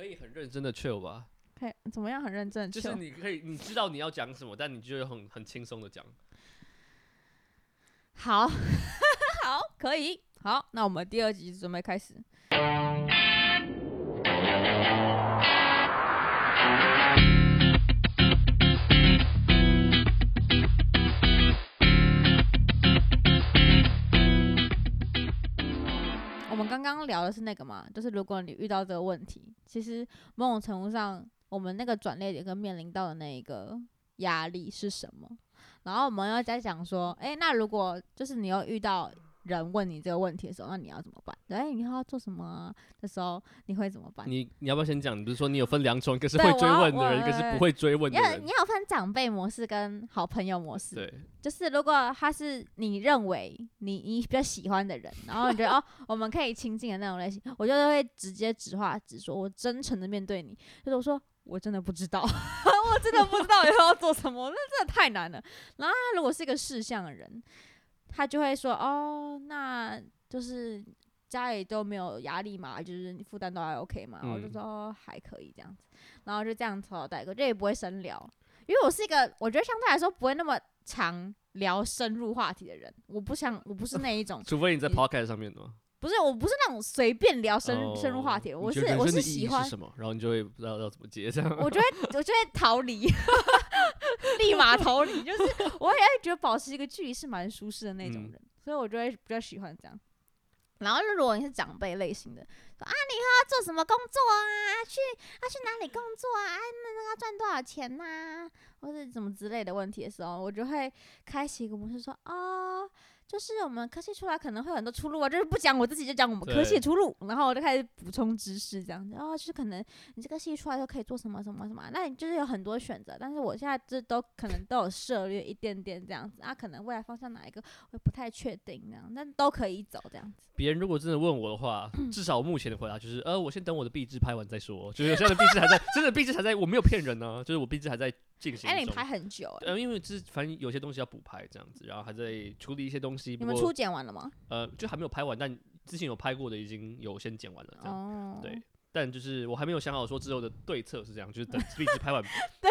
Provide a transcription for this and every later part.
可以很認真的 chill 吧？可以、okay, 怎麼樣？很認真？就是你可以，你知道你要講什麼，但你就很很輕鬆的講。 好， 好，可以，好，那我們第二集準備開始。 剛剛聊的是那個嘛，就是如果你遇到這個問題，其實某種程度上，我們那個轉捩點跟面臨到的那一個壓力是什麼，然後我們要再講說，哎、欸，那如果就是你又遇到。人問你這個問題的時候，那你要怎麼辦？對，你要做什麼、啊、的時候，你會怎麼辦？你你要不要先講？你不是說你有分兩種，一個是會追問的人，一個是不會追問的人。要你要分長輩模式跟好朋友模式。對，就是如果他是你認為你你比較喜歡的人，然後你覺得 哦，我們可以親近的那種類型，我就會直接直話直說，我真誠的面對你，就是我說我真的不知道， 我真的不知道以後要做什麼，那 真的太難了。然後他如果是一個事項的人。他就會說哦，那就是家裡都沒有壓力嘛，就是負擔都還 OK 嘛。我、嗯、就說還可以這樣子，然後就這樣子草草帶過，就也不會深聊，因為我是一個我覺得相對來說不會那麼常聊深入話題的人，我不想，我不是那一種。除非你在 Podcast 上面的嗎？不是，我不是那種隨便聊、生 隨便聊深入、哦、深入話題的，我是覺我是喜歡是什麼，然後你就會不知道要怎麼接這樣。 我就會，我就會逃離。 立馬逃離，就是我也覺得保持一個距離是蠻舒適的那種人，嗯、所以我就會比較喜歡這樣。然後，如果你是長輩類型的，說啊，你以後要做什麼工作啊？去要、啊、去哪裡工作啊？那、啊、那要賺多少錢吶、啊？或者怎麼之類的問題的時候，我就會開啟一個模式說，說、哦、啊。就是我們科系出來可能會有很多出路啊，就是不講我自己，就講我們科系出路，對然後我就開始補充知識這樣子啊、哦。就是可能你這個系出來就可以做什麼什麼什麼，那你就是有很多選擇。但是我現在這都可能都有涉獵一點點這樣子啊，可能未來方向哪一個我不太確定那樣，但都可以走這樣子。別人如果真的問我的話，至少我目前的回答就是、嗯、呃，我先等我的畢製拍完再說。就是我現在的畢製還在， 真的，的畢製還在，我沒有騙人呢、啊，就是我畢製還在。哎，欸，你拍很久。欸，呃，因為之反正有些東西要補拍這樣子，然後還在處理一些東西。你們初剪完了嗎？呃，就還沒有拍完，但之前有拍過的已經有先剪完了這樣。哦，對，但就是我還沒有想好說之後的對策是這樣，就是等畢製拍完。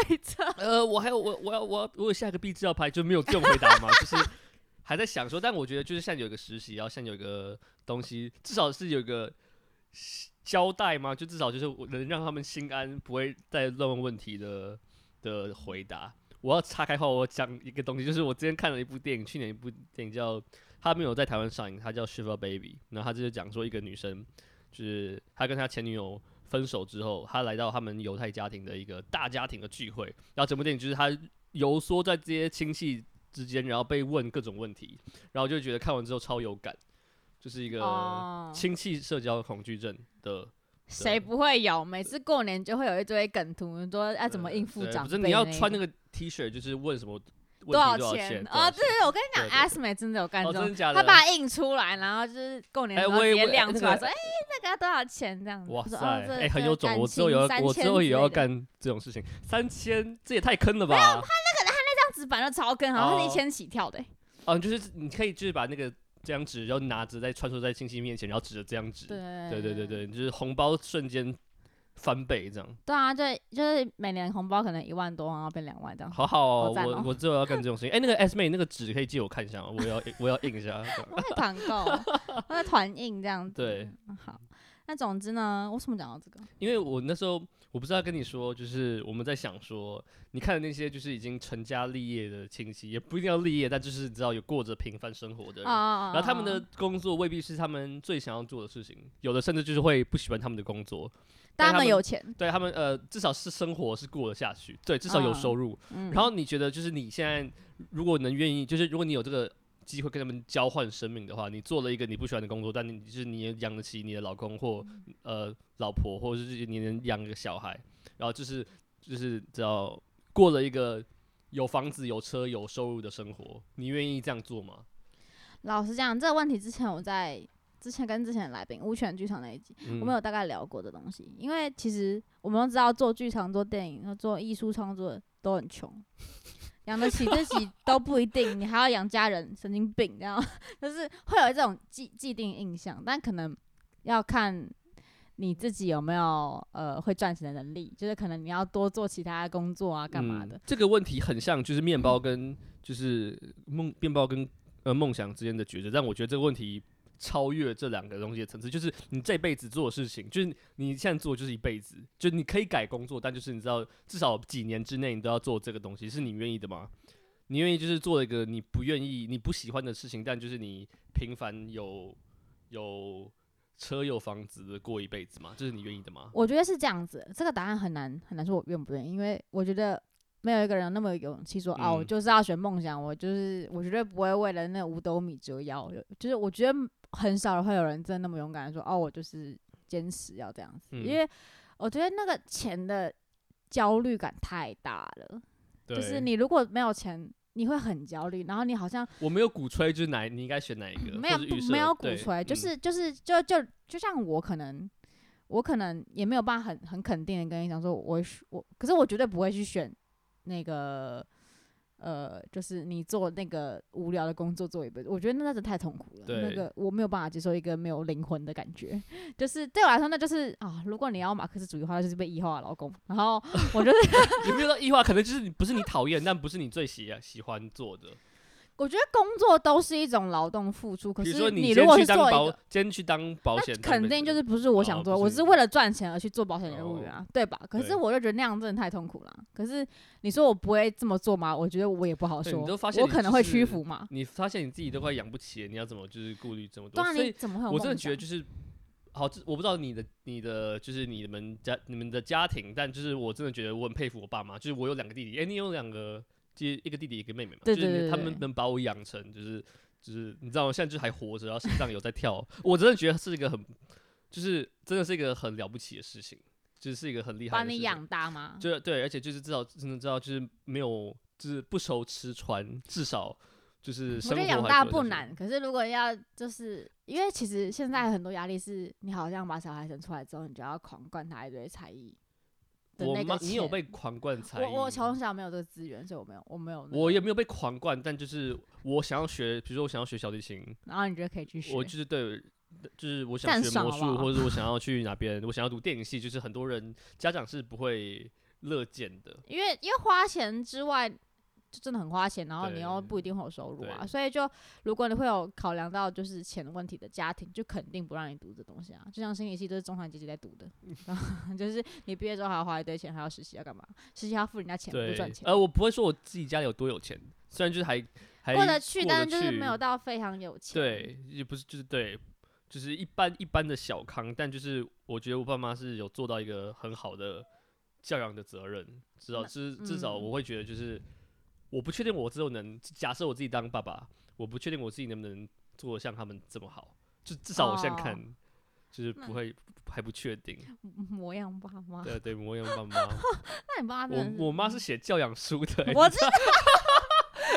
對策。呃，我還有我我要我我有下一個畢製要拍，就沒有更回答嗎？ 就是還在想說，但我覺得就是像有一個實習，然後像有一個東西，至少是有一個交代嘛，就至少就是我能讓他們心安，不會再亂問問題的。的回答，我要岔開話，我講一個東西，就是我之前看了一部電影，去年一部電影叫，他沒有在台灣上映，他叫《Shiva Baby》，然後他就是講說一個女生，就是他跟他前女友分手之後，他來到他們猶太家庭的一個大家庭的聚會，然後整部電影就是他遊說在這些親戚之間，然後被問各種問題，然後就覺得看完之後超有感，就是一個親戚社交恐懼症的。誰不會有？每次過年就會有一堆梗圖，說要怎麼應付長輩。不是你要穿那個 T 恤，就是問什麼多少錢？哦，對對，我跟你講，AS m 美真的有幹這種，他把它印出來，然後就是過年的時候直接亮出來，說，哎，那個要多少錢？這樣子，哇塞，哎，很有種。我之後也要幹這種事情。三千，這也太坑了吧？沒有，他那個他那張紙板就超坑，好像是一千起跳的。哦，就是你可以就是把那個。這樣紙，然後拿着在穿梭在親戚面前，然後指着這樣紙，對，對，對，對，對，就是紅包瞬間翻倍這樣。對啊，對，就是每年紅包可能一萬多，然後變兩萬這樣。好好哦，好哦，我，我我之後要幹這種事情。哎， 那個 S 妹，那個紙可以借我看一下嗎？我要 我要印一下。在 團購， 在團印這樣子。對，好。那總之呢，我為什麼講到這個？因為我那時候我不知道跟你說，就是我們在想說，你看的那些就是已經成家立業的親戚，也不一定要立業，但就是你知道有過着平凡生活的人，然後他們的工作未必是他們最想要做的事情，有的甚至就是會不喜歡他們的工作。但他們有錢，對他們,對他們呃，至少是生活是過得下去，對，至少有收入。啊啊嗯、然後你覺得，就是你現在如果能願意，就是如果你有這個。機會跟他們交換生命的話，你做了一個你不喜歡的工作，但你就是你也養得起你的老公或、嗯、呃老婆，或者是你能養一個小孩，然後就是就是只要過了一個有房子、有車、有收入的生活，你願意這樣做嗎？老實講，這個問題之前我在之前跟之前的來賓烏犬劇場那一集，嗯、我們有大概聊過這東西，因為其實我們都知道做劇場、做電影、做藝術創作都很窮。 養得起自己都不一定， 你還要養家人，神經病，這樣就是會有一種既既定印象。但可能要看你自己有沒有呃會賺錢的能力，就是可能你要多做其他工作啊，幹、嗯、嘛的。這個問題很像就是面包跟就是夢面、嗯、包跟呃夢想之間的抉擇，但我覺得這個問題。超越這兩個東西的層次，就是你這輩子做的事情，就是你現在做就是一輩子，就你可以改工作，但就是你知道至少幾年之內你都要做這個東西，是你願意的嗎？你願意就是做一個你不願意、你不喜歡的事情，但就是你平凡有有車有房子的過一輩子嗎？這、就是你願意的嗎？我覺得是這樣子，這個答案很難很難說，我願不願意？因為我覺得沒有一個人那麼有勇氣說啊，我、嗯哦、就是要選夢想，我就是我絕對不會為了那五斗米折腰，就是我覺得。很少會有人真的那麼勇敢說哦，我就是堅持要這樣子，嗯、因為我覺得那個錢的焦慮感太大了。對就是你如果沒有錢，你會很焦慮，然後你好像，我沒有鼓吹就是哪你應該選哪一個，沒有不沒有鼓吹，對就是就是就就就像我可能、嗯、我可能也沒有辦法很很肯定的跟你講說我，我我可是我絕對不會去選那個。呃，就是你做那個無聊的工作做一輩子，我覺得那真的太痛苦了。對那個我沒有辦法接受一個沒有靈魂的感覺，就是對我來說那就是啊，如果你要馬克思主義的話，就是被異化勞工。然後我覺得，你沒有說異化，可能就是你不是你討厭， 但不是你最喜喜歡做的。我覺得工作都是一種勞動付出，可是你，如，你去保如果是做，先去當保險，肯定就是不是我想做，哦、不是，我是為了賺錢而去做保險業務員啊，哦、對吧？可是我就覺得那樣真的太痛苦了。對 可是你說我不會這麼做嗎？我覺得我也不好說，我可能會屈服嘛？你發現你自己都快養不起，你要怎麼就是顧慮這麼多？嗯、所以，我真的覺得就是，好，我不知道你的你的就是你們家你們的家庭，但就是我真的覺得我很佩服我爸媽，就是我有兩個弟弟，哎、欸，你有兩個。一其實一個弟弟一個妹妹嘛，對對對對，就是他們能把我養成，就是對對對對，就是你知道嗎？現在就還活着，然後心臟有在跳， 我真的覺得是一個很，就是真的是一個很了不起的事情，就是一個很厲害。把你養大嗎？就對，而且就是至少真的知道，就是沒有就是不愁吃穿，至少就是生活我覺得養大不難。可是如果要就是因為其實現在很多壓力是，你好像把小孩生出來之後，你就要狂灌他一堆才藝。我媽，你有被狂灌才藝。我我從小，小沒有這個資源，所以我沒有，我沒有、那個。我也沒有被狂灌，但就是我想要學，比如說我想要學小提琴，然後你覺得可以去學？我就是對，就是我想學魔術，好好或者我想要去哪邊， 我想要讀電影系，就是很多人家長是不會樂見的，因為因為花錢之外。就真的很花錢，然後你又不一定會有收入啊，所以就如果你會有考量到就是錢的問題的家庭，就肯定不讓你讀這東西啊。就像心理系，都是中產階級在讀的，嗯、 就是你畢業之後還要花一堆錢，還要實習要幹嘛？實習要付人家錢，對不賺錢。呃，我不會說我自己家裡有多有錢，雖然就是還，還過得去，得去，但是就是沒有到非常有錢。對，也不是就是對，就是一般一般的小康，但就是我覺得我爸媽是有做到一個很好的教養的責任，至少至至少我會覺得就是。我不確定我之後能假設我自己當爸爸，我不確定我自己能不能做得像他們這麼好，就至少我現在看，就是不會還不確定。模樣爸媽，對對，模樣爸媽。那你媽？我我媽是寫教養書的。我知道？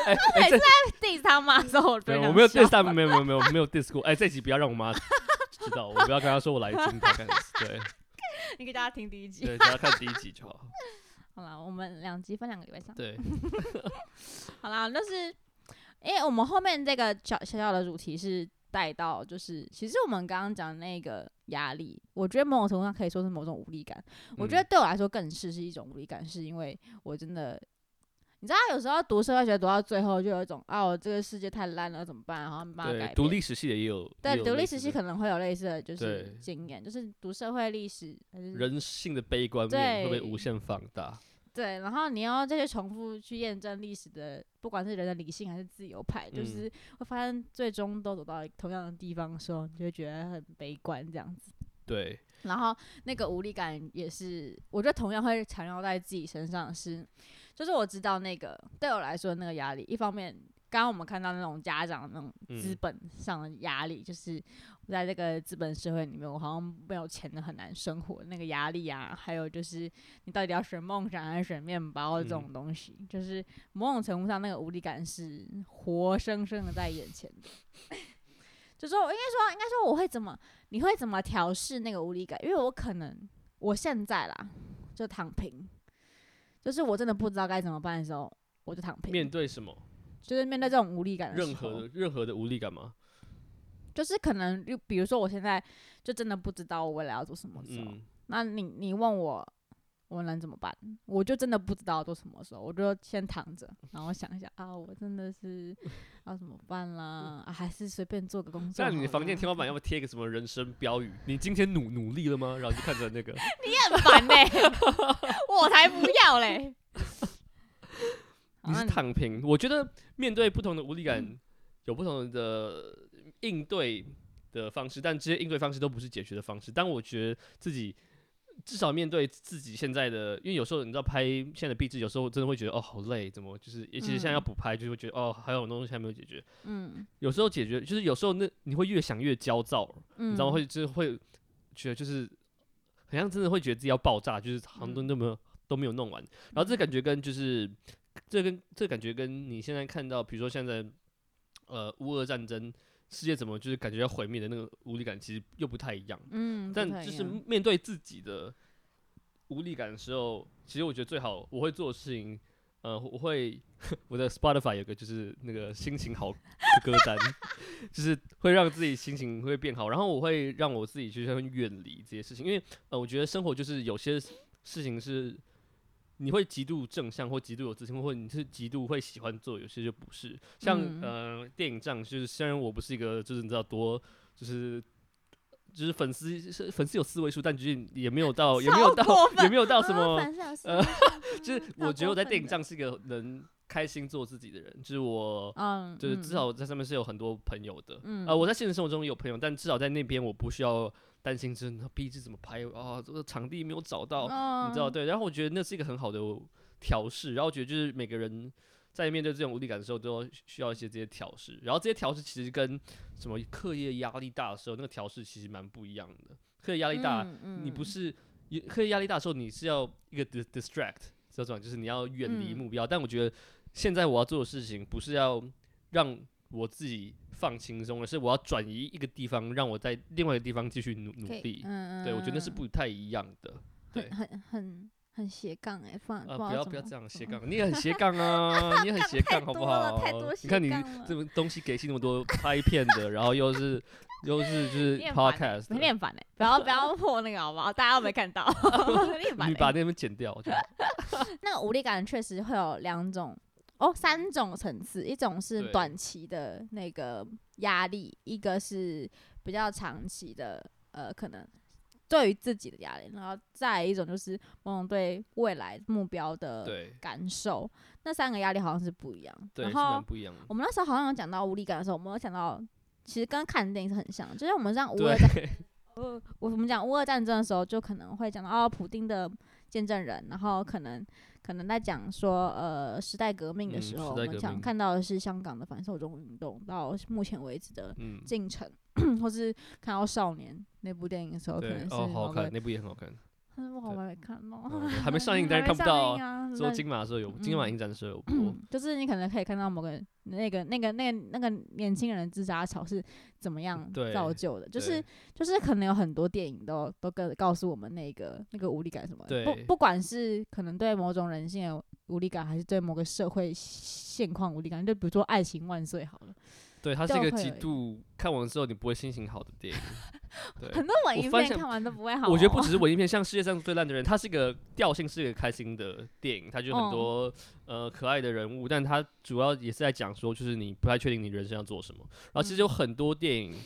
哎，對，在 diss 他媽之後？沒有，我沒有 diss 她，沒有沒有沒有沒有 diss 過。哎，這一集不要讓我媽知道，我不要跟她說我來真的。對，你給大家聽第一集，對，大家看第一集就好。好了，我們兩集分兩個禮拜上。對， 好啦，但、就是誒、欸，我們後面這個小小小的主題是帶到，就是其實我們剛剛講的那個壓力，我覺得某種程度上可以說是某種無力感。嗯、我覺得對我來說更是是一種無力感，是因為我真的。你知道、啊，有時候讀社會學讀到最後，就有一種啊，我這個世界太爛了，怎麼辦？然後慢慢改變。讀歷史系也有，也有對，讀歷史系可能會有類似的就是經驗，對就是讀社會歷史，還是人性的悲觀對會被無限放大對。對，然後你要再去重複去驗證歷史的，不管是人的理性還是自由派，嗯、就是會發現最終都走到同樣的地方的時候，你就會覺得很悲觀這樣子。對，然後那個無力感也是，我覺得同樣會纏繞在自己身上是。就是我知道那個，對我來說的那個壓力，一方面，剛剛我們看到那種家長那種資本上的壓力，嗯、就是在這個資本社會裡面，我好像沒有錢的很難生活那個壓力啊，還有就是你到底要選夢想還是選麵包這種東西，嗯、就是某種程度上那個無力感是活生生的在眼前的。 就是我應該說應該說應該說我會怎麼，你會怎麼調適那個無力感？因為我可能我現在啦，就躺平。就是我真的不知道該怎麼辦的時候，我就躺平。面對什麼？就是面對這種無力感的時候。任何任何的無力感嗎？就是可能，就比如說，我現在就真的不知道我未來要做什麼的時候，嗯、那你你問我？我能怎麼辦？我就真的不知道都什麼時候，我就先躺着，然後想一下啊，我真的是要怎麼辦啦？啊、還是隨便做個工作？但你房間，天花板，要不要貼一個什麼人生標語？你今天努努力了嗎？然後就看着那個， 你很煩嘞、欸， 我才不要嘞。你是躺平？我覺得面對不同的無力感，嗯、有不同的應對的方式，但這些應對方式都不是解決的方式。但我覺得自己。至少面對自己現在的，因為有時候你知道拍現在的壁紙，有時候真的會覺得哦好累，怎麼就是，尤其是現在要補拍，嗯、就會覺得哦還有很多東西還沒有解決。嗯。有時候解決就是有時候那你會越想越焦躁，嗯、你知道嗎？會就會覺得就是，好像真的會覺得自己要爆炸，就是好多都、嗯、都沒有都沒有弄完。然後這感覺跟就是，這跟這感覺跟你現在看到，比如說現在呃烏俄戰爭。世界怎麼就是感覺要毀滅的那個無力感，其實又不太一樣。嗯，但就是面對自己的無力感的時候，其實我覺得最好我會做的事情，呃，我會我的 Spotify 有個就是那個心情好的歌單， 就是會讓自己心情會變好。然後我會讓我自己去遠離這些事情，因為呃，我覺得生活就是有些事情是。你會極度正向，或極度有自信，或你是極度會喜歡做有些就不是像，嗯、呃電影這樣。就是雖然我不是一個，就是你知道多，就是就是粉絲粉絲有四位數，但最近也沒有到，也沒有到，也沒有到什麼、啊、呃呵呵，就是我覺得我在電影上是一個能開心做自己的人。就是我，嗯、就是、嗯、至少我在上面是有很多朋友的。嗯、呃，我在現實生活中有朋友，但至少在那邊我不需要。擔心這個片子怎麼拍哦，這個場地沒有找到，嗯、你知道對？然後我覺得那是一個很好的調試。然後我覺得就是每個人在面對這種無力感的時候，都需要一些這些調試。然後這些調試其實跟什麼課業壓力大的時候，那個調試其實蠻不一樣的。課業壓力大，嗯嗯、你不是課業壓力大的時候，你是要一個 distract 知道這種，就是你要遠離目標。嗯、但我覺得現在我要做的事情，不是要讓。我自己放輕鬆了，是我要轉移一個地方，讓我在另外一個地方繼續努努力。對，我覺得那是不太一樣的。對，很很很斜槓哎，放啊！不要不要這樣斜槓，你也很斜槓啊，你也很斜槓，好不好？你看你這東西給戲那麼多，拍片的，然後又是又是就是 podcast，沒念反哎，不要不要破那個好不好？大家有沒有看到？你把那邊剪掉。那個無力感確實會有兩種。哦，三種層次，一種是短期的那個壓力，對一個是比較長期的，呃，可能對於自己的壓力，然後再來一種就是某種對未來目標的感受。對那三個壓力好像是不一樣。對，然後我們那時候好像有講到無力感的時候，我們有講到其實跟看電影是很像的，就像我們講烏俄,對、呃、俄戰爭的時候，就可能會講到哦，普丁的。見證人，然後可能可能在講說，呃，時代革命的時候，嗯、時我們想看到的是香港的反送中運動到目前為止的進程，嗯、 或是看到少年那部電影的時候，對可能是好看對那部也很好看。沒喔嗯、還沒上映， 但是看不到啊。做金馬的時候有，嗯、金馬影展的時候有播，嗯。就是你可能可以看到某個那個那個那個那個、那個年輕人的自殺潮是怎麼樣造就的，對就是就是可能有很多電影都都告告訴我們那個那個無力感什麼的。對不不管是可能對某種人性的無力感，還是對某個社會現況無力感，就比如說《愛情萬歲》好了。對，它是一個極度看完之後你不會心情好的電影。 對很多文藝片看完都不會好，哦。我覺得不只是文藝片，像《世界上最爛的人》，它是一個調性是一個開心的電影，它就很多、嗯、呃可愛的人物，但它主要也是在講說，就是你不太確定你人生要做什麼。然後其實有很多電影，嗯、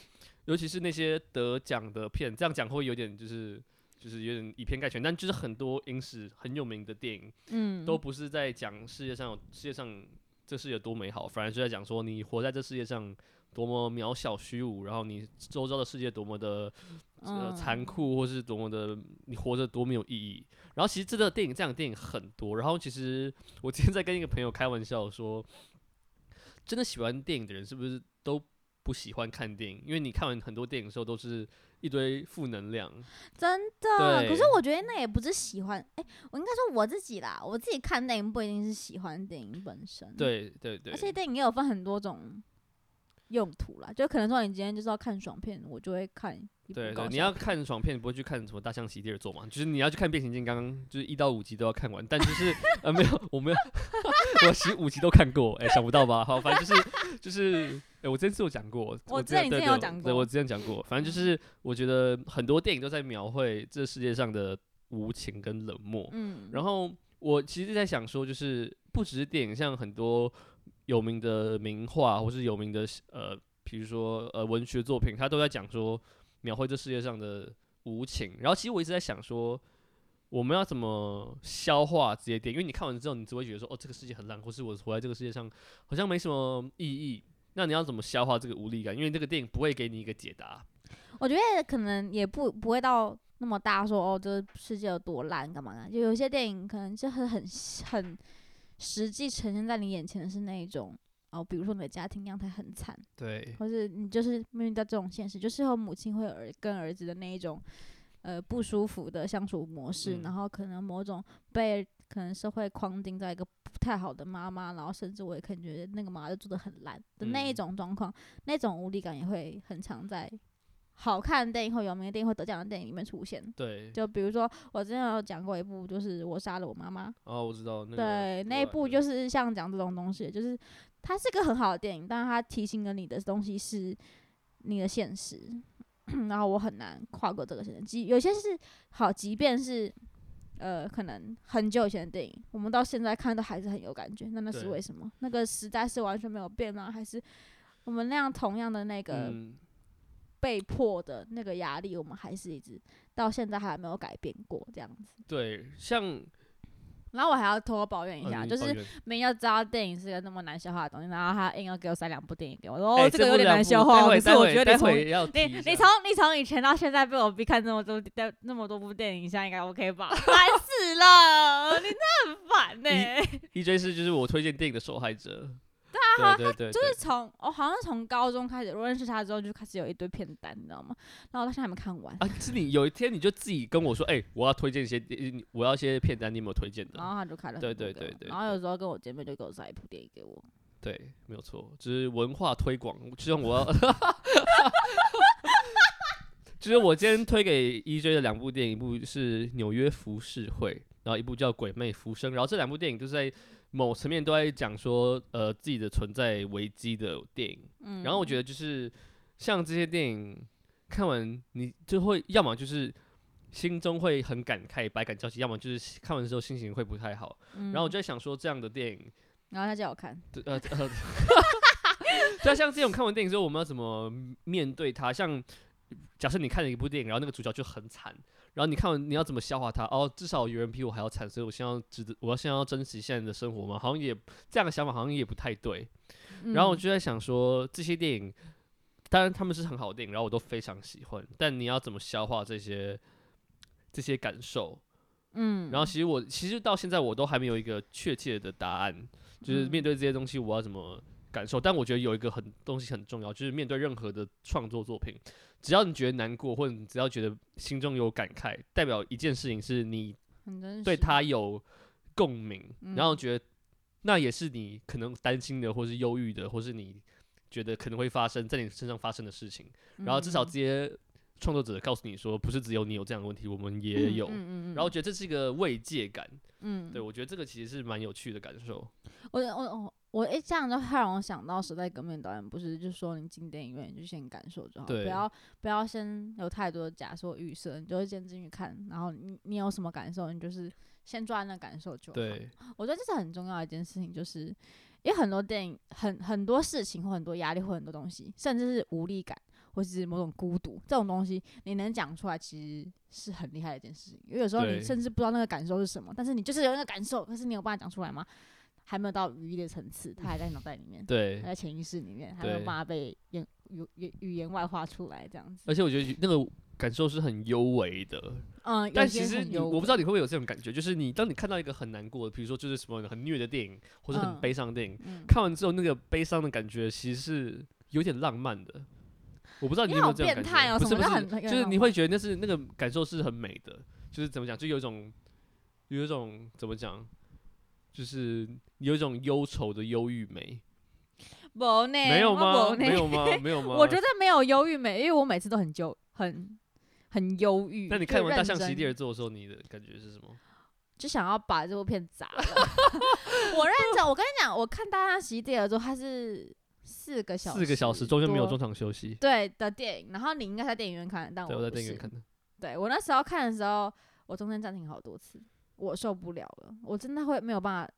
尤其是那些得獎的片，這樣講會有點就是就是有點以偏概全，但就是很多影史很有名的電影，嗯，都不是在講世界上世界上。這世界多美好，反而是在講說你活在這世界上多麼渺小虛無，然後你周遭的世界多麼的、呃嗯、殘酷，或是多麼的你活着多沒有意義。然後其實這個電影這樣的電影很多。然後其實我今天在跟一個朋友開玩笑說，真的喜歡電影的人是不是都？不喜歡看電影，因為你看完很多電影的時候都是一堆負能量。真的，對可是我覺得那也不是喜歡。哎、欸，我應該說我自己啦，我自己看電影不一定是喜歡電影本身。對對對。而且電影也有分很多種用途啦，就可能說你今天就是要看爽片，我就會看一部。對，對對，你要看爽片，你不會去看什麼大象席地而坐嘛？就是你要去看變形金剛，剛剛就是一到五集都要看完。但就是 呃，沒有，我沒有， 我十五集都看過。哎、欸，想不到吧？好，反正就是就是。 欸、我這次有我講過，我之前有講過，對，我之前講過，反正就是我覺得很多電影都在描繪這世界上的無情跟冷漠。嗯，然後我其實在想說，就是不只是電影，像很多有名的名畫，或是有名的呃，比如說呃文學作品，它都在講說描繪這世界上的無情。然後其實我一直在想說，我們要怎麼消化這些電影？因為你看完之後，你只會覺得說，哦，這個世界很爛，或是我活在這個世界上好像沒什麼意義。那你要怎麼消化這個無力感？因為這個電影不會給你一個解答。我覺得可能也不不會到那麼大說，哦，這世界有多爛幹嘛呢、啊？就有些電影可能就是很很實際呈現在你眼前的是那一種哦，比如說你的家庭狀態很慘，對，或是你就是面對到這種現實，就是母親會跟兒子的那一種呃不舒服的相處模式，嗯、然後可能某種被。可能是會框定在一個不太好的媽媽，然後甚至我也可以覺得那個媽媽就做得很爛的那一種狀況，嗯、那種無力感也會很常在好看的電影或有名的電影或得獎的電影裡面出現。對，就比如說我之前有講過一部，就是我殺了我媽媽。哦，我知道。那個、對，那一部就是像講這種東西，就是它是個很好的電影，但是它提醒了你的東西是你的現實， 然後我很難跨過這個現實。即有些是好，即便是。呃，可能很久以前的電影，我們到現在看都還是很有感覺。那那是為什麼？對那個時代是完全沒有變嗎？還是我們那樣同樣的那個被迫的那個壓力，嗯、我們還是一直到現在還沒有改變過這樣子？對，像。然後我還要偷偷抱怨一下，嗯、就是沒人知道電影是個那麼難消化的東西，然後他硬要給我塞兩部電影給我說，說、欸、哦、這個有點難消化。但是我覺得待會要你你從你從以前到現在被我逼看那麼多電那麼多部電影，現在應該 OK 吧？煩 死了，你真的很煩呢、欸。EJ 是就是我推薦電影的受害者。他他它就是從我、哦、好像從高中開始，我認識他之後就開始有一堆片單，你知道嗎？然後他現在還沒看完啊。是你有一天你就自己跟我說，哎、欸，我要推薦一些電影，我要一些片單，你有沒有推薦的？然後他就看了。對對對對。然後有時候跟我見面就給我塞一部電影給我。對，沒有錯，就是文化推廣。其、就、實、是、我，哈哈哈，要…… 就是我今天推給 EJ 的兩部電影部，一部是服會《紐約浮世繪》。然後一部叫《鬼魅浮生》，然後這兩部電影就是在某層面都在講說，呃，自己的存在危機的電影。嗯、然後我覺得就是像這些電影看完，你就會要麼就是心中會很感慨，百感交集，要麼就是看完之後心情會不太好。嗯、然後我就在想說，這樣的電影，然後他叫我看，呃呃，對、呃、 但像這種看完電影之後，我們要怎麼面對它？像假設你看了一部電影，然後那個主角就很慘。然後你看，你要怎麼消化它？哦，至少有人比我還要慘，所以我現在要值得，我要現在要珍惜現在的生活嘛。好像也這樣的想法，好像也不太對。嗯、然後我就在想說，這些電影，當然他們是很好的電影，然後我都非常喜歡。但你要怎麼消化這些這些感受？嗯，然後其實我其實到現在我都還沒有一個確切的答案，就是面對這些東西，我要怎麼感受？嗯、但我覺得有一個很東西很重要，就是面對任何的創作作品。只要你覺得難過，或者你只要覺得心中有感慨，代表一件事情是你對他有共鳴。嗯、然後覺得那也是你可能擔心的，或是憂鬱的，或是你覺得可能會發生在你身上發生的事情。嗯、然後至少這些創作者告訴你說，不是只有你有這樣的問題，我們也有。嗯嗯嗯嗯、然後覺得這是一個慰藉感。嗯，對我覺得這個其實是蠻有趣的感受。我我。我我一這樣就太讓我想到時代革命導演，不是就是說你進電影院，你就先感受就好，對不要不要先有太多的假設預設，你就會先進去看，然後你你有什麼感受，你就是先抓那個感受就好。對我覺得這是很重要的一件事情，就是因為很多電影很、很很多事情或很多壓力或很多東西，甚至是無力感或者是某種孤獨這種東西，你能講出來其實是很厲害的一件事情。因為有時候你甚至不知道那個感受是什麼，對但是你就是有那個感受，可是你有辦法講出來嗎？還沒有到愉悅的層次，它還在腦袋裡面，對，在潛意識裡面，還沒有把他被語語語言外化出來這樣子。而且我覺得那個感受是很幽微的，嗯，但其實我不知道你會不會有這種感覺，就是你當你看到一個很難過的，比如說就是什麼很虐的電影或者很悲傷的電影，看完之後那個悲傷的感覺其實是有點浪漫的。我不知道你有沒有這樣感覺？不是不是，就是你會覺得那是那個感受是很美的，就是怎麼講，就有一種有一種怎麼講。就是有一種憂愁的憂鬱美，沒有嗎？沒有嗎？沒有嗎？我覺得沒有憂鬱美，因為我每次都很糾，很很憂鬱。那你看完大象席地而坐的時候，你的感覺是什麼？就想要把這部片砸了。 我認真，我跟你講，我看大象席地而坐它，是四個小時四個小時，中間沒有中場休息。對的電影，然後你應該在電影院看，但我對我在電影院看的。對我那時候看的時候，我中間暫停好多次。我受不了了，我真的會沒有辦法，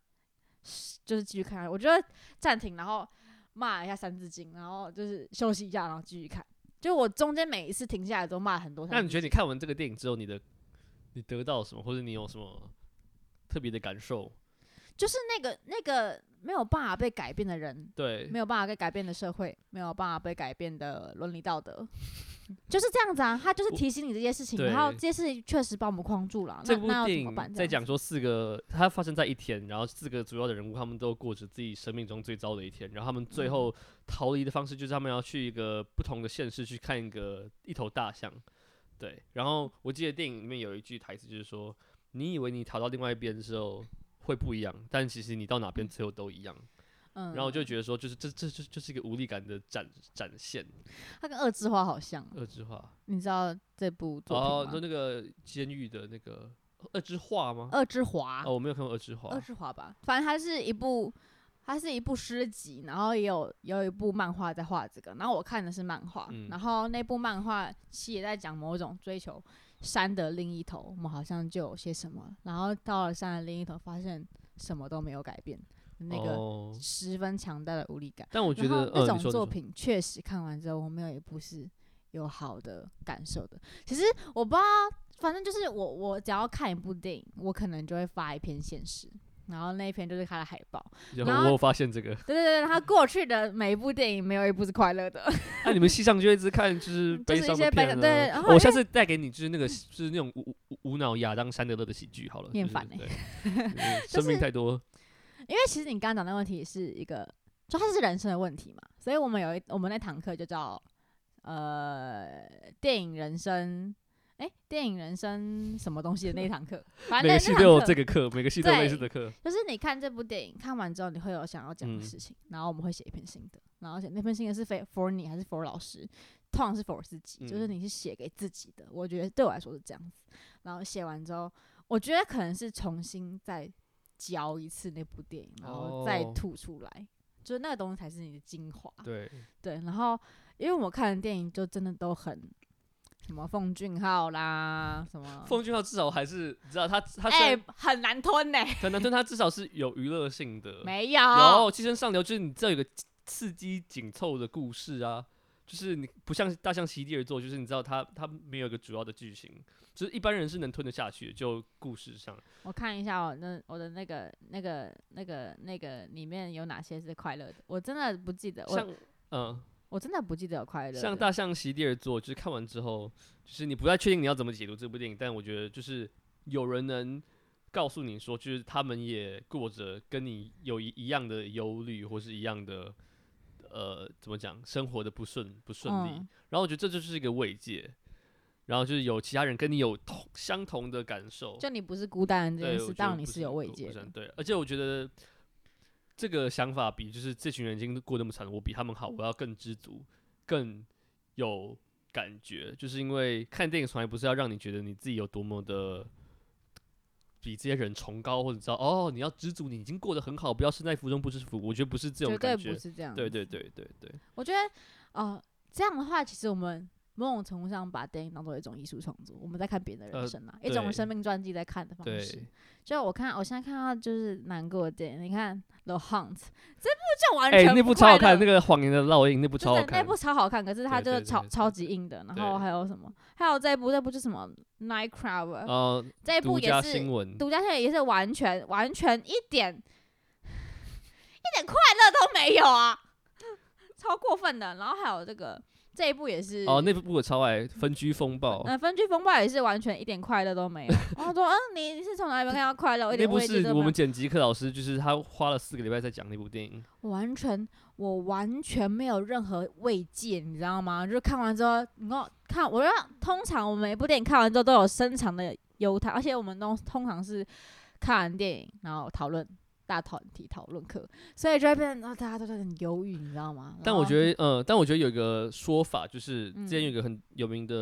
就是繼續看下去。我覺得暫停，然後罵一下《三字經》，然後就是休息一下，然後繼續看。就我中間每一次停下來都罵很多。那你覺得你看完這個電影之後，你的你得到什麼，或者你有什麼特別的感受？就是那個那個沒有辦法被改變的人，對，沒有辦法被改變的社會，沒有辦法被改變的倫理道德。 就是這樣子啊，他就是提醒你這件事情，然後這些事情確實把我們框住了啊。那，那要怎麼辦這樣子？這部電影在講說四個，它發生在一天，然後四個主要的人物他們都過着自己生命中最糟的一天，然後他們最後逃離的方式就是他們要去一個不同的縣市去看一個一頭大象。對，然後我記得電影裡面有一句台詞就是說，你以為你逃到另外一邊的時候會不一樣，但其實你到哪邊最後都一樣。嗯、然後我就覺得說，就是這這這就是一個無力感的展展現。它跟《惡之花》好像，《惡之花》，你知道這部作品嗎？哦，那那個監獄的那個《惡之花》嗎？《惡之花》哦，我沒有看過《惡之花》，《惡之花》吧，反正它是一部，它是一部詩集，然後也有有一部漫畫在畫這個。然後我看的是漫畫，嗯、然後那部漫畫其實也在講某種追求山的另一頭，我們好像就有些什麼，然後到了山的另一頭，發現什麼都沒有改變。那個十分強大的無力感，但我覺得那種作品確實看完之後，我沒有一部是有好的感受的。其實我不知道，反正就是我我只要看一部電影，我可能就會發一篇現實，然後那一篇就是他的海報。嗯、然後我發現這個，對對對，他過去的每一部電影沒有一部是快樂的。那、 啊、你們戲上就會一直看就是悲傷片，然後我下次帶給你就是那個，就是那種無無腦亞當·山德勒的喜劇好了。厭煩了，生命太多。因為其實你剛剛講那問題是一個，就它是人生的問題嘛，所以我們有一我們那堂課就叫呃電影人生，哎、欸、電影人生什麼東西的那一堂課，反正那每個系都有這個課，每個系都有類似的課。就是你看這部電影看完之後，你會有想要講的事情，嗯、然後我們會寫一篇心得，然後寫那篇心得是非 for 你還是 for 老師，通常是 for 自己，就是你是寫給自己的，嗯、我覺得對我來說是這樣子。然後寫完之後，我覺得可能是重新再。嚼一次那部電影，然後再吐出來，oh. 就是那個東西才是你的精華。對對，然後因為我們看的電影就真的都很什麼奉俊昊啦，什麼奉俊昊至少還是你知道他他很難吞呢，很難吞，欸，他，難吞他至少是有娛樂性的， 沒有然後寄生上流，就是你這有個刺激緊湊的故事啊。就是你不像大象席地而坐，就是你知道它它沒有一個主要的劇情，就是一般人是能吞得下去的。就故事上，我看一下哦，那我的那個那個那個那個裡面有哪些是快樂的？我真的不記得。我嗯，我真的不記得有快樂。像大象席地而坐，就是看完之後，就是你不太確定你要怎麼解讀這部電影，但我覺得就是有人能告訴你說，就是他們也過着跟你有一一樣的憂慮或是一樣的。呃，怎麼講生活的不順不順利？嗯，然後我覺得這就是一個慰藉，然後就是有其他人跟你有同相同的感受，就你不是孤單這件事，是當你是有慰藉的。對，而且我覺得這個想法比就是這群人已經過那麼慘，我比他們好，我要更知足，更有感覺，就是因為看電影從來不是要讓你覺得你自己有多麼的。比這些人崇高，或者知道哦，你要知足，你已經過得很好，不要身在福中不知福。我覺得不是這種感覺，不是這樣，對對對對對對。我覺得哦、呃，這樣的話，其實我們。某種程度上，把電影當做一種藝術創作，我們在看別人的人生嘛、啊，呃、一種生命傳記在看的方式。對就我看，我現在看到就是難過的電影。你看《The Hunt》這部，就完全不……哎、欸，那部超好看，那個謊言的烙印那部超好看，那部超好看。可是它就是超對對對對超級硬的，然後還有什麼？還有這一部，這一部就是什麼？Nightcrawler, 後《Nightcrawler》這一部也是獨家新聞,獨家新聞也是完全完全一點 一點快樂都沒有啊，超過分的。然後還有這個。這一部也是哦，那部我超愛，《分居風暴》。那、呃《分居風暴》也是完全一點快樂都沒有。我說、 哦：“啊，你你是從哪一部看到快樂？一點慰藉都沒有。那部是，我們剪輯課老師就是他花了四個禮拜在講那部電影。完全，我完全沒有任何慰藉，你知道嗎？就是看完之後，你看，我看，我覺得通常我們每部電影看完之後都有深長的悠嘆，而且我們都通常是看完電影然後討論。大團體討論課，所以這邊變，然、呃、後大家都在很猶豫，你知道嗎？但我覺得，呃、嗯，但我覺得有一個說法，就是之前有一個很有名的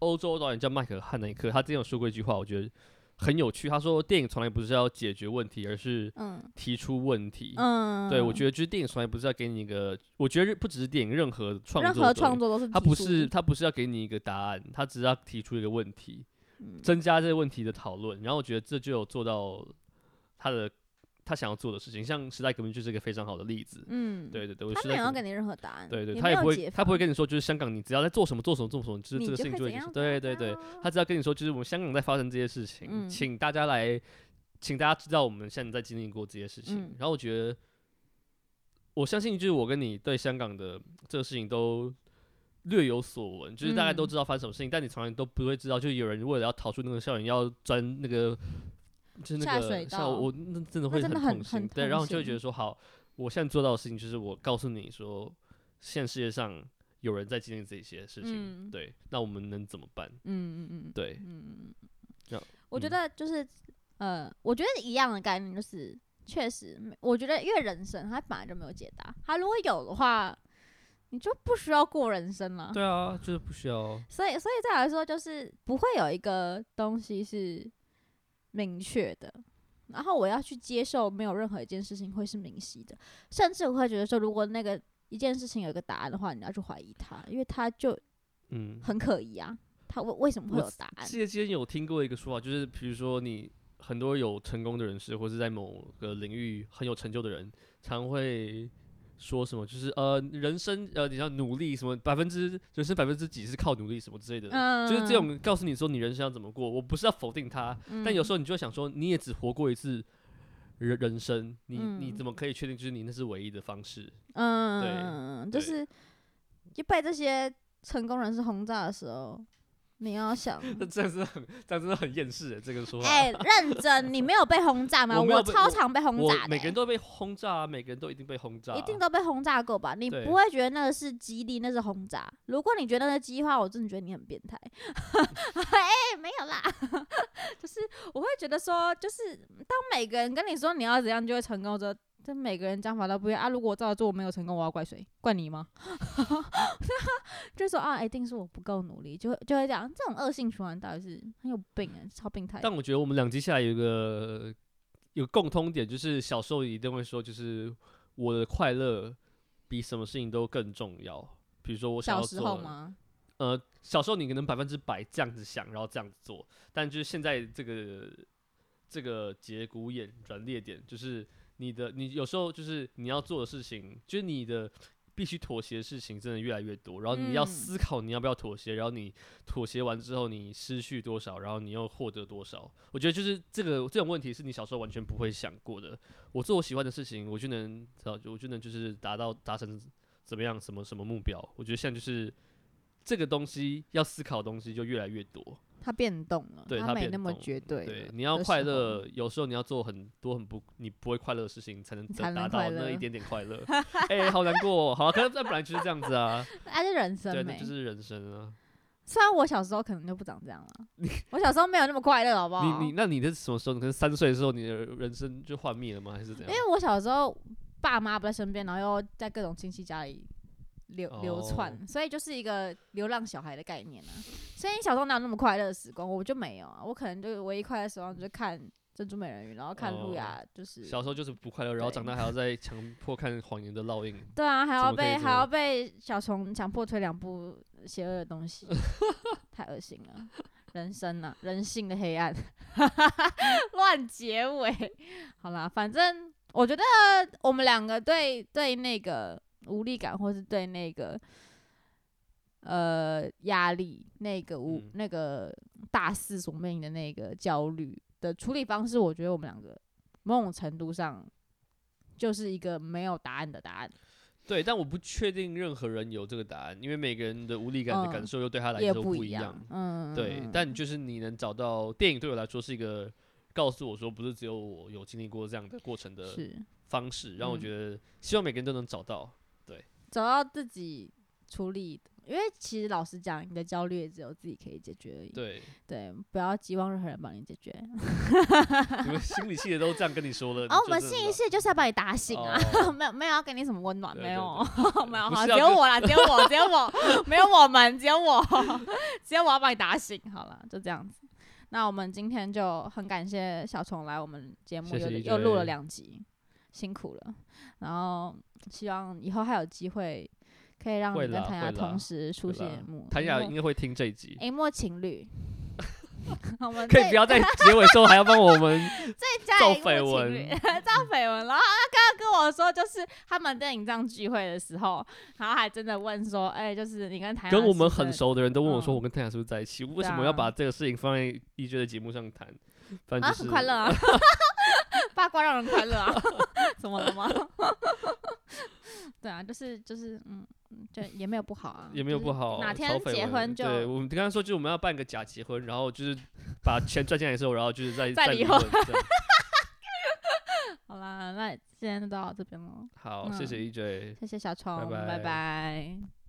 歐洲導演叫麥可漢內克，他之前有說過一句話，我覺得很有趣。他說，電影從來不是要解決問題，而是提出問題。嗯，對，嗯、我覺得就是電影從來不是要給你一個，我覺得不只是電影，任何創作、作，任何創作都是他不是，他不是要給你一個答案，他只是要提出一個問題，嗯、增加這個問題的討論。然後我覺得這就有做到。他的他想要做的事情，像時代革命就是一個非常好的例子。嗯，對對對，時代革命他沒有給你任何答案。對，對對，也他也不會，他不會跟你說，就是香港，你只要在做什麼，做什麼，做什麼，你就是這個事情就怎樣對對對，啊、他只要跟你說，就是我們香港在發生這些事情，嗯、請大家來，請大家知道我們現在，在經歷過這些事情。嗯、然後我覺得，我相信就是我跟你對香港的這個事情都略有所聞，就是大家都知道發生什麼事情，嗯、但你從來都不會知道，就有人為了要逃出那個校園，要鑽那個。就是那個，下水道像我那真的會很痛心，很很對，然後就會覺得說好，我現在做到的事情就是我告訴你說，現在世界上有人在經歷這些事情，嗯、對，那我們能怎麼辦？嗯嗯嗯，嗯對，嗯嗯，這樣就。我覺得就是，嗯、呃，我覺得一樣的概念就是，確實，我覺得因為人生它本來就沒有解答，它如果有的話，你就不需要過人生了。對啊，就是不需要。所以，所以再來說，就是不會有一個東西是。明確的，然後我要去接受沒有任何一件事情會是明晰的，甚至我會覺得說，如果那個一件事情有一個答案的話，你要去懷疑它，因為它就，嗯，很可疑啊。它為、嗯、為什麼會有答案？之前有聽過一個說法，就是比如說你很多有成功的人士，或是在某個領域很有成就的人，常會。說什麼就是呃人生呃你要努力什麼，百分之就是百分之幾是靠努力什麼之類的，嗯、就是這種告訴你說你人生要怎麼過，我不是要否定他，嗯、但有時候你就會想說你也只活過一次人人生，你你怎麼可以確定就是你那是唯一的方式？嗯，對，就是就被對這些成功人士轟炸的時候。你要想，那這是很，這樣子很厭世誒，這個說。哎、欸，認真，你沒有被轟炸嗎？ 我，我超常被轟炸的，每個人都被轟炸啊，每個人都一定被轟炸，一定都被轟炸過吧？你不會覺得那個是激勵，那是轟炸？對如果你覺得那激勵，話，我真的覺得你很變態。哎、 欸，沒有啦， 就是我會覺得說，就是當每個人跟你說你要怎樣就會成功的這每個人講法都不一樣啊！如果我照着做我沒有成功，我要怪誰？怪你嗎？ 就說啊，一、欸、定是我不夠努力，就就會這樣。這種惡性循環到底是很有病哎、欸，超病態。但我覺得我們兩接下來有一個有一個共通點，就是小時候一定會說，就是我的快樂比什麼事情都更重要。比如說我小時候嗎？呃，小時候你可能百分之百這樣子想，然後這樣子做。但就是現在這個這個節骨眼、轉捩點，就是。你的你有時候就是你要做的事情，就是你的必須妥協的事情，真的越來越多。然後你要思考你要不要妥協，然後你妥協完之後你失去多少，然後你又獲得多少。我覺得就是這個這種問題是你小時候完全不會想過的。我做我喜歡的事情，我就能，我就能就是達到達成怎麼樣什麼什麼目標。我覺得現在就是這個東西要思考的東西就越來越多。它變動了，他對它沒那麼絕對。對，你要快樂，時有時候你要做很多很不，你不會快樂的事情，才能達到那一點點快樂。誒、 欸，好難過、喔，好、啊，可是本來就是這樣子啊。那是、啊、人生，對，就是人生啊。雖然我小時候可能就不長這樣了，你我小時候沒有那麼快樂，好不好？你你那你是什麼時候？你可能三歲的時候，你的人生就幻滅了嗎？還是怎樣？因為我小時候爸媽不在身邊，然後又在各種親戚家裡。流流竄，所以就是一個流浪小孩的概念啊。所以小時候哪有那麼快樂的時光？我就沒有啊。我可能就唯一快樂時光，就是看《珍珠美人魚》，然後看《露雅》。就是、oh, 小時候就是不快樂，然後長大還要再強迫看《謊言的烙印》。對啊，還要被還要被小蟲強迫推兩部邪惡的東西， 太噁心了。人生啊，人性的黑暗，亂 結尾。好啦，反正我覺得我們兩個對對那個。無力感，或是對那個呃壓力、那個無、嗯、那個大事所面臨的那個焦慮的處理方式，我覺得我們兩個某種程度上就是一個沒有答案的答案。對，但我不確定任何人有這個答案，因為每個人的無力感的感受又、嗯、對他來說不，不一樣。嗯，對，嗯、但就是你能找到電影，對我來說是一個告訴我說，不是只有我有經歷過這樣的過程的方式，讓、嗯、我覺得希望每個人都能找到。找到自己處理，因為其實老實講，你的焦慮也只有自己可以解決而已。對，對，不要寄望任何人幫你解決。我們心理系的都這樣跟你說了。哦，我們心理系就是要把你打醒啊，沒有沒有要給你什麼溫暖，沒有，沒有，只有我啦，只有我，只有我，沒有我們，只有我，只有我要把你打醒。好了，就這樣子。那我們今天就很感謝小蟲來我們節目，又又錄了兩集。辛苦了，然後希望以後還有機會可以讓你跟譚雅同時出現節目。譚雅應該會聽這一集。熒幕墨情侶， 在可以不要在結尾說還要幫我們再 造緋聞文，造緋聞。然後他剛剛跟我說，就是他們在熒幕聚會的時候，然後還真的問說：“哎，就是你跟譚雅是？”跟我們很熟的人都問我說：“我跟譚雅是不是在一起？嗯、為什麼要把這個事情放在 E J 的節目上談？”啊，很快樂啊。 八卦 讓人快樂啊？ 怎麼了嗎？ 對啊，就是就是，嗯嗯，對，也沒有不好啊，也沒有不好。哪天結婚就對，對我們剛剛說就是我們要辦個假結婚， 然後就是把錢賺進來的時候，然後就是再 再離婚。 對 好啦，那今天就到這邊嘍。好，那謝謝 EJ，謝謝小蟲，拜拜。拜拜。